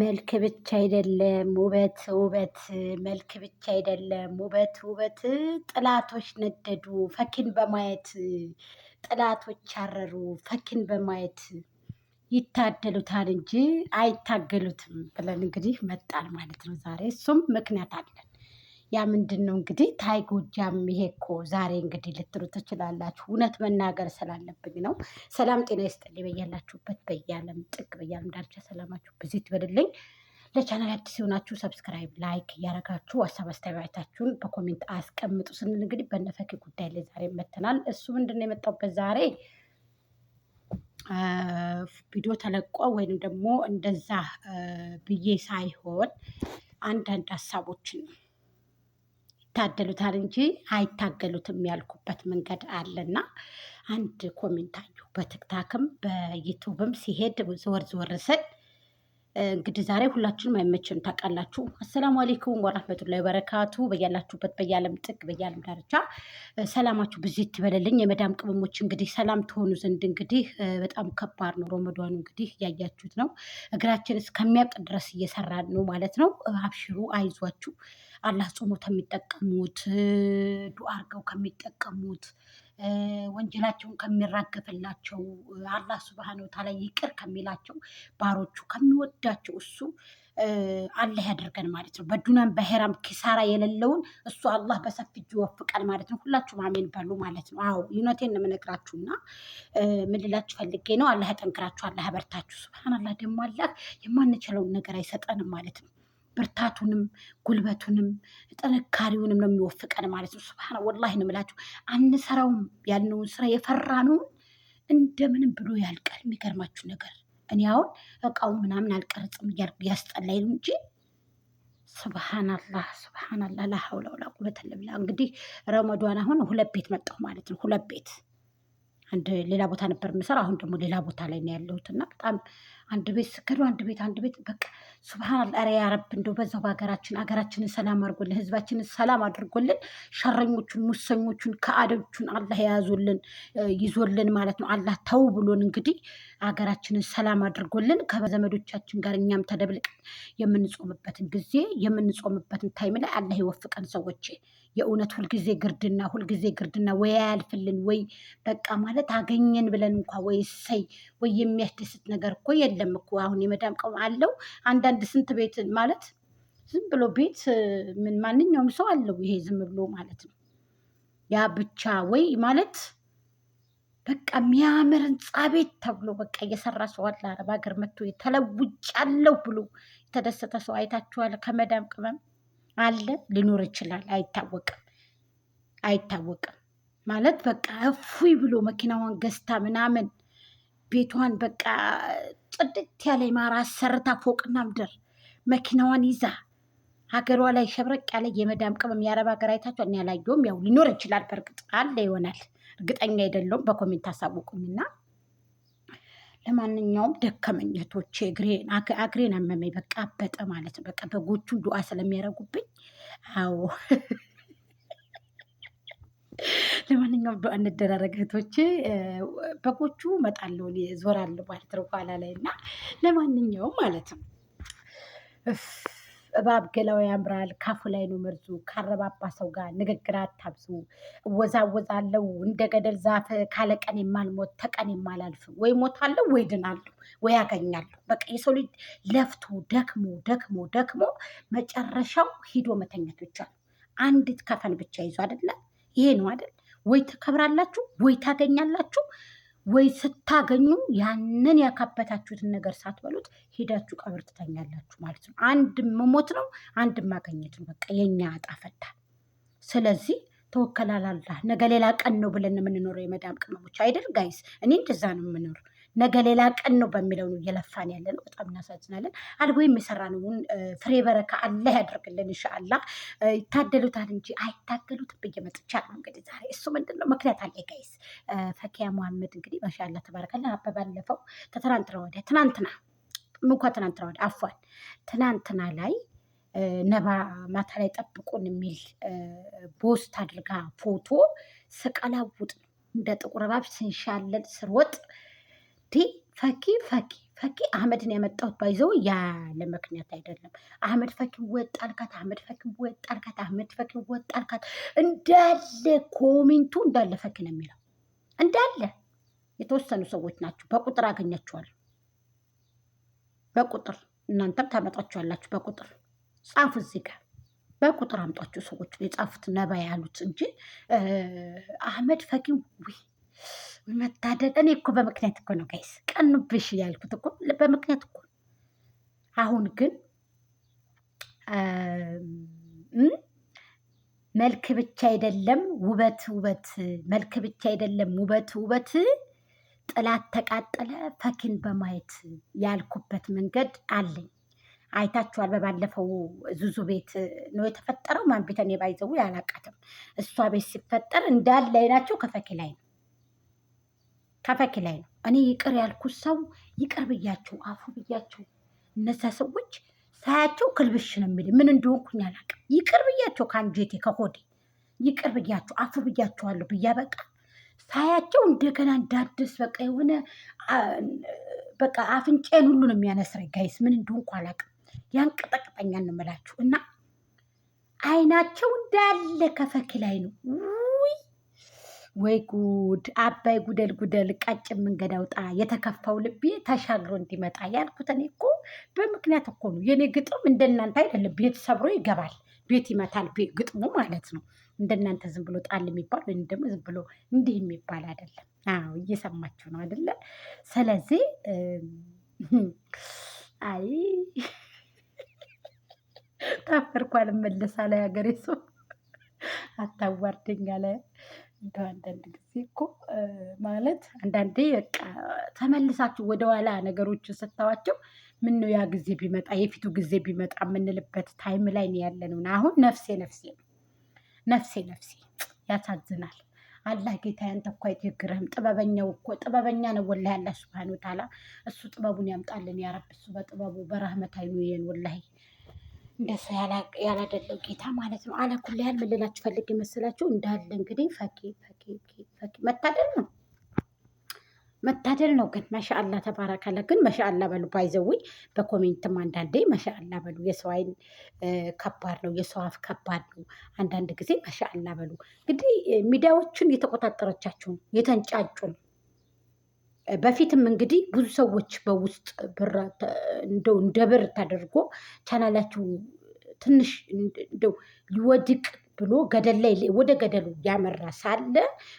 መልክ ብቻ አይደለም ውበት ውበት መልክ ብቻ አይደለም ውበት ውበት ጥላቶች ነደዱ ፈኪን በማየት ጥላቶች አረሩ ፈኪን በማየት ይታደሉታል እንጂ አይታገሉትም ብለን እንግዲህ መጣል ማለት ነው ዛሬ እሱም ምክንያት አለን ያ ምንድን ነው እንግዲህ ታይ ጎጃም ይሄ እኮ ዛሬ እንግዲህ ልትሉ ትችላላችሁ። እውነት መናገር ስላለብኝ ነው። ሰላም ጤና ይስጥልኝ። በያላችሁበት በያለም ጥግ በያለም ዳርቻ ሰላማችሁ ብዙ ይበልልኝ። ለቻናል አዲስ የሆናችሁ ሰብስክራይብ፣ ላይክ እያደረጋችሁ ሀሳብ አስተያየታችሁን በኮሜንት አስቀምጡ ስንል እንግዲህ በነፈኪ ጉዳይ ላይ ዛሬ መተናል። እሱ ምንድን ነው ዛሬ ቪዲዮ ተለቆ ወይንም ደግሞ እንደዛ ብዬ ሳይሆን አንዳንድ ሀሳቦችን ይታደሉታል እንጂ አይታገሉትም ያልኩበት መንገድ አለና አንድ ኮሜንታዩ በትክታክም በዩቱብም ሲሄድ ዘወር ዘወር ስል እንግዲህ ዛሬ ሁላችንም አይመችም ታውቃላችሁ። አሰላሙ አሌይኩም ወራህመቱላሂ ወበረካቱ በያላችሁበት በያለም ጥግ በያለም ዳርቻ ሰላማችሁ ብዙ ትበለልኝ። የመዳም ቅመሞች እንግዲህ ሰላም ትሆኑ ዘንድ እንግዲህ በጣም ከባድ ነው ሮመዷኑ እንግዲህ ያያችሁት ነው። እግራችን እስከሚያብጥ ድረስ እየሰራ ነው ማለት ነው። አብሽሩ፣ አይዟችሁ። አላህ ጾሞ ከሚጠቀሙት ዱአ አርገው ከሚጠቀሙት ወንጀላቸውን ከሚራገፍላቸው አላህ ሱብሃነ ወተዓላ ይቅር ከሚላቸው ባሮቹ ከሚወዳቸው እሱ አላህ ያደርገን ማለት ነው። በዱናም በሄራም ኪሳራ የሌለውን እሱ አላህ በሰፊ እጅ ይወፍቀን ማለት ነው። ሁላችሁም አሜን በሉ ማለት ነው። አዎ ዩነቴን የምነግራችሁና ምልላችሁ ፈልጌ ነው። አላህ ያጠንክራችሁ፣ አላህ ያበርታችሁ። ሱብሃናላህ ደግሞ አላህ የማንችለውን ነገር አይሰጠንም ማለት ነው። ብርታቱንም ጉልበቱንም ጥንካሬውንም ነው የሚወፍቀን ማለት ነው። ስብሃና ወላሂ ነው የምላችሁ። አንሰራውም ያልነውን ስራ የፈራነውን እንደምንም ብሎ ያልቀል የሚገርማችሁ ነገር እኔ አሁን እቃው ምናምን አልቀርጽም እያልኩ ያስጠላይ ነው እንጂ ስብሃናላህ ስብሃናላህ ላሀውላ ቁበት ለብላ። እንግዲህ ረመዷን አሁን ሁለት ቤት መጣሁ ማለት ነው። ሁለት ቤት አንድ ሌላ ቦታ ነበር የምሰራ አሁን ደግሞ ሌላ ቦታ ላይ ነው ያለሁት እና በጣም አንድ ቤት ስከዱ አንድ ቤት አንድ ቤት በቃ ሱብሃን ኧረ ረብ እንደው በዛው በሀገራችን ሀገራችንን ሰላም አድርጎልን ህዝባችንን ሰላም አድርጎልን ሸረኞቹን ሙሰኞቹን ከአደቹን አላህ የያዞልን ይዞልን ማለት ነው። አላህ ተው ብሎን እንግዲህ ሀገራችንን ሰላም አድርጎልን ከዘመዶቻችን ጋር እኛም ተደብልቀን የምንጾምበትን ጊዜ የምንጾምበትን ታይም ላይ አላህ ይወፍቀን ሰዎች የእውነት ሁልጊዜ ግርድና ሁልጊዜ ግርድና ወይ ያልፍልን ወይ በቃ ማለት አገኘን ብለን እንኳ ወይ ሰይ ወይ የሚያስደስት ነገር እኮ የለ የለም እኮ አሁን የመዳም ቅመም አለው አንዳንድ ስንት ቤት ማለት ዝም ብሎ ቤት ምን ማንኛውም ሰው አለው ይሄ ዝም ብሎ ማለት ነው። ያ ብቻ ወይ ማለት በቃ የሚያምር ህንፃ ቤት ተብሎ በቃ እየሰራ ሰው አለ። አረብ ሀገር መጥቶ ተለውጫለሁ ብሎ የተደሰተ ሰው አይታችኋል? ከመዳም ቅመም አለ ሊኖር ይችላል። አይታወቅም፣ አይታወቅም ማለት በቃ እፉይ ብሎ መኪናዋን ገዝታ ምናምን ቤቷን በቃ ጥድት ያለ የማራ ሰርታ ፎቅና ምድር መኪናዋን ይዛ ሀገሯ ላይ ሸብረቅ ያለ የመዳም ቅመም የአረብ ሀገር አይታቸው እኔ ያው ሊኖር ይችላል፣ በእርግጥ አለ ይሆናል፣ እርግጠኛ አይደለሁም። በኮሜንት አሳውቁኝና ለማንኛውም ደከመኘቶቼ አግሬን አመመኝ፣ በቃ አበጠ ማለት ነው። በቃ በጎቹ ዱዓ ስለሚያደርጉብኝ አዎ ለማንኛውም እንደራረግ እህቶቼ፣ በጎቹ እመጣለሁ ዞራለሁ ማለት ነው ኋላ ላይ እና ለማንኛውም ማለት ነው እባብ ገላው ያምራል፣ ካፉ ላይ ነው መርዙ። ካረባባ ሰው ጋር ንግግር አታብዙ። እወዛወዛለው እንደ ገደል ዛፍ ካለ ቀን የማልሞት ተቀን የማላልፍ ወይ ሞታለሁ ወይ ድናለሁ ወይ ያገኛለሁ። በቃ የሰው ልጅ ለፍቶ ደክሞ ደክሞ ደክሞ መጨረሻው ሂዶ መተኘት ብቻ ነው። አንዲት ከፈን ብቻ ይዞ አይደለም ይሄ ነው አይደል? ወይ ትከብራላችሁ፣ ወይ ታገኛላችሁ፣ ወይ ስታገኙ ያንን ያካበታችሁትን ነገር ሳትበሉት ሄዳችሁ ቀብር ትተኛላችሁ ማለት ነው። አንድ መሞት ነው፣ አንድ ማገኘት ነው። በቃ የኛ እጣ ፈንታ። ስለዚህ ተወከላላላ ነገ ሌላ ቀን ነው ብለን የምንኖረው የመዳም ቅመሞች አይደል ጋይስ? እኔ እንደዛ ነው የምኖር። ነገ ሌላ ቀን ነው በሚለው ነው እየለፋን ያለ ነው። በጣም እናሳዝናለን። አድጎ የሰራነውን ፍሬ በረካ አላህ ያደርግልን እንሻአላ። ይታደሉታል እንጂ አይታገሉትም ብዬ መጥቻለሁ። እንግዲህ ዛሬ እሱ ምንድን ነው ምክንያት አለ ጋይስ። ፈኪያ መሐመድ እንግዲህ ማሻላ ተባረካለ። በባለፈው ተተናንትና ወዲያ ትናንትና ምኳ ትናንትና ወዲያ አፏል ትናንትና ላይ ነባ ማታ ላይ ጠብቁን የሚል ቦስት አድርጋ ፎቶ ስቀላውጥ እንደ ጥቁር እባብ ስንሻለን ስርወጥ ፈኪ ፈኪ ፈኪ አህመድን ያመጣሁት ባይዘው ያለ ምክንያት አይደለም። አህመድ ፈኪ ወጣልካት፣ አህመድ ፈኪ ወጣልካት፣ አህመድ ፈኪ ወጣልካት እንዳለ ኮሚንቱ እንዳለ ፈኪ ነው የሚለው እንዳለ። የተወሰኑ ሰዎች ናቸው በቁጥር አገኛችኋል፣ በቁጥር እናንተም ታመጣችኋላችሁ። በቁጥር ጻፉ፣ እዚህ ጋር በቁጥር አምጧችሁ ሰዎች የጻፉት ነባ ያሉት እንጂ አህመድ ፈኪ መታደል። እኔ እኮ በምክንያት እኮ ነው ጋይስ ቀኑብሽ ያልኩት እኮ በምክንያት እኮ። አሁን ግን መልክ ብቻ አይደለም ውበት ውበት መልክ ብቻ አይደለም ውበት ውበት ጥላት ተቃጠለ ፈኪን በማየት ያልኩበት መንገድ አለኝ። አይታችኋል። በባለፈው ዙዙ ቤት ነው የተፈጠረው። ማን ቤት እኔ ባይዘው አላውቃትም። እሷ ቤት ሲፈጠር እንዳለ አይናቸው ከፈኪ ላይ ነው። ተፈኪ ላይ ነው። እኔ ይቅር ያልኩት ሰው ይቅር ብያቸው አፉ ብያቸው እነዛ ሰዎች ሳያቸው ክልብሽ ነው የሚል ምን እንደሆንኩኝ አላውቅም። ይቅር ብያቸው ከአንጀቴ ከሆዴ ይቅር ብያቸው አፉ ብያቸዋለሁ ብያ በቃ ሳያቸው እንደገና እንዳድስ በቃ የሆነ በቃ አፍንጫን ሁሉ ነው የሚያነስረኝ። ጋይስ ምን እንደሆንኩ አላውቅም። ያንቀጠቅጠኛ እንምላችሁ እና አይናቸው እንዳለ ከፈኪ ላይ ነው። ወይ ጉድ አባይ ጉደል ጉደል ቀጭን መንገድ አውጣ የተከፋው ልቤ ተሻግሮ እንዲመጣ ያልኩት እኔ እኮ በምክንያት እኮ ነው። የኔ ግጥም እንደናንተ አይደለም። ቤት ሰብሮ ይገባል፣ ቤት ይመታል፣ ግጥሙ ማለት ነው። እንደናንተ ዝም ብሎ ጣል የሚባል ወይም ደግሞ ዝም ብሎ እንዲህ የሚባል አይደለም። አዎ እየሰማችሁ ነው አይደለ? ስለዚህ አይ ታፈርኳ፣ አልመለስ ላይ ሀገሬ ሰው አታዋርደኛ ላይ እንደ አንዳንድ ጊዜ እኮ ማለት አንዳንዴ በቃ ተመልሳችሁ ወደኋላ ነገሮችን ስታዋቸው ምን ነው ያ ጊዜ ቢመጣ የፊቱ ጊዜ ቢመጣ የምንልበት ታይም ላይ ነው ያለ ነው። አሁን ነፍሴ ነፍሴ ነው ነፍሴ ነፍሴ ያሳዝናል። አላህ ጌታ ያንተ እኮ አይቸግርህም። ጥበበኛው እኮ ጥበበኛ ነው ወላሂ አላህ ሱብሃነሁ ወተዓላ እሱ ጥበቡን ያምጣልን ያረብ እሱ በጥበቡ በረህመት አይኑየን ወላሂ እንደሱ ያላደለው ጌታ ማለት ነው። አላኩል ያህል ምልላችሁ ፈልግ የመሰላችሁ እንዳለ እንግዲህ ፈኪ ፈኪ ፈኪ መታደል ነው መታደል ነው። ግን መሻአላ ተባረካለ። ግን መሻአላ በሉ ባይዘዊ በኮሜንትም አንዳንዴ መሻአላ በሉ። የሰው አይን ከባድ ነው፣ የሰው አፍ ከባድ ነው። አንዳንድ ጊዜ መሻአላ በሉ። እንግዲህ ሚዲያዎቹን የተቆጣጠረቻችሁ የተንጫጩ ነው በፊትም እንግዲህ ብዙ ሰዎች በውስጥ ብር እንደው እንደ ብር ተደርጎ ቻናላቸው ትንሽ እንደው ሊወድቅ ብሎ ገደል ላይ ወደ ገደሉ ያመራ ሳለ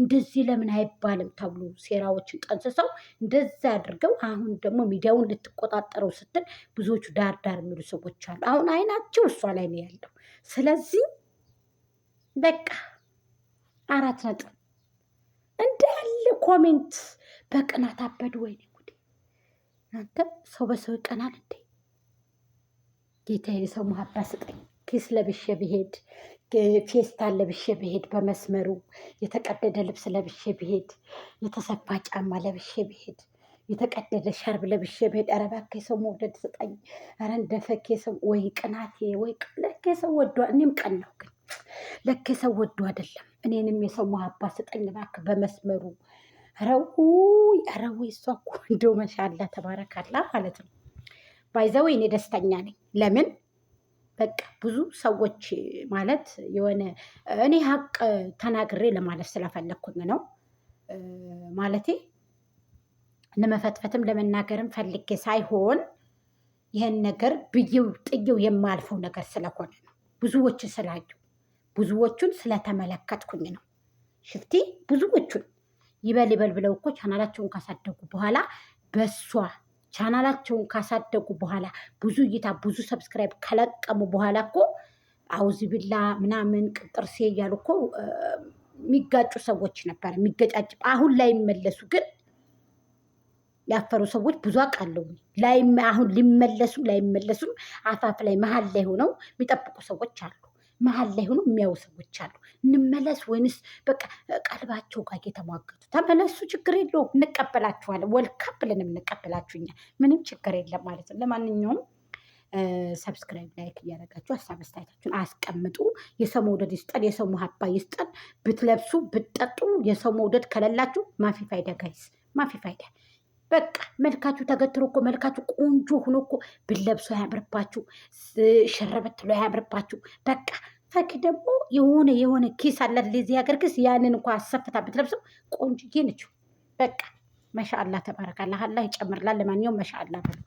እንደዚህ ለምን አይባልም ተብሎ ሴራዎችን ጠንስሰው እንደዛ አድርገው አሁን ደግሞ ሚዲያውን ልትቆጣጠረው ስትል ብዙዎቹ ዳር ዳር የሚሉ ሰዎች አሉ። አሁን አይናቸው እሷ ላይ ነው ያለው። ስለዚህ በቃ አራት ነጥብ እንደ ኮሜንት በቅናት አበዱ። ወይኔ ጉዴ! እናንተ ሰው በሰው ይቀናል እንዴ? ጌታ የሰው መሀባ ስጠኝ። ኪስ ለብሼ ብሄድ፣ ፌስታን ለብሼ ብሄድ፣ በመስመሩ የተቀደደ ልብስ ለብሼ ብሄድ፣ የተሰፋ ጫማ ለብሼ ብሄድ፣ የተቀደደ ሸርብ ለብሼ ብሄድ፣ ኧረ እባክህ ሰው መውደድ ስጠኝ። ኧረ እንደፈኬ ሰው ወይ ቅናቴ ወይ ለኬ ሰው ወዶ እኔም ቀናው፣ ግን ለኬ ሰው ወዶ አይደለም እኔንም የሰው መሀባ ስጠኝ እባክህ በመስመሩ ረው ረው እሷ እኮ እንደው መሻላ ተባረካላ ማለት ነው። ባይዘው እኔ ደስተኛ ነኝ። ለምን በቃ ብዙ ሰዎች ማለት የሆነ እኔ ሀቅ ተናግሬ ለማለፍ ስለፈለግኩኝ ነው ማለቴ ለመፈትፈትም ለመናገርም ፈልጌ ሳይሆን ይህን ነገር ብዬው ጥየው የማልፈው ነገር ስለሆነ ነው። ብዙዎችን ስላዩ ብዙዎቹን ስለተመለከትኩኝ ነው። ሽፍቲ ብዙዎቹን ይበል ይበል ብለው እኮ ቻናላቸውን ካሳደጉ በኋላ በሷ ቻናላቸውን ካሳደጉ በኋላ ብዙ እይታ ብዙ ሰብስክራይብ ከለቀሙ በኋላ እኮ አውዚ ብላ ምናምን ቅጥር ሴ እያሉ እኮ የሚጋጩ ሰዎች ነበር የሚገጫጭ አሁን ላይ መለሱ ግን ያፈሩ ሰዎች ብዙ አውቃለሁ። አሁን ሊመለሱም ላይመለሱም አፋፍ ላይ መሀል ላይ ሆነው የሚጠብቁ ሰዎች አሉ። መሀል ላይ ሆኖ የሚያዩ ሰዎች አሉ። እንመለስ ወይንስ በቃ ቀልባቸው ጋር እየተሟገቱ ተመለሱ፣ ችግር የለውም እንቀበላችኋለን። ወልካ ብለን የምንቀበላችሁ ምንም ችግር የለም ማለት ነው። ለማንኛውም ሰብስክራይብ ላይክ እያደረጋችሁ ሀሳብ አስተያየታችሁን አስቀምጡ። የሰው መውደድ ይስጠን፣ የሰው መሀባ ይስጠን። ብትለብሱ ብትጠጡ የሰው መውደድ ከሌላችሁ ማፊ ፋይዳ ጋይስ፣ ማፊ ፋይዳ በቃ መልካችሁ ተገትሮ እኮ መልካችሁ ቆንጆ ሆኖ እኮ ብለብሶ አያምርባችሁ፣ ሸረበት ብሎ አያምርባችሁ። በቃ ፈኪ ደግሞ የሆነ የሆነ ኪስ አላት ለዚህ ሀገር ክስ ያንን እንኳ አሰፍታ ብትለብሰው ቆንጆዬ ነችው። በቃ መሻአላ ተባረካላ፣ አላህ ይጨምርላል። ለማንኛውም መሻአላ በሉ።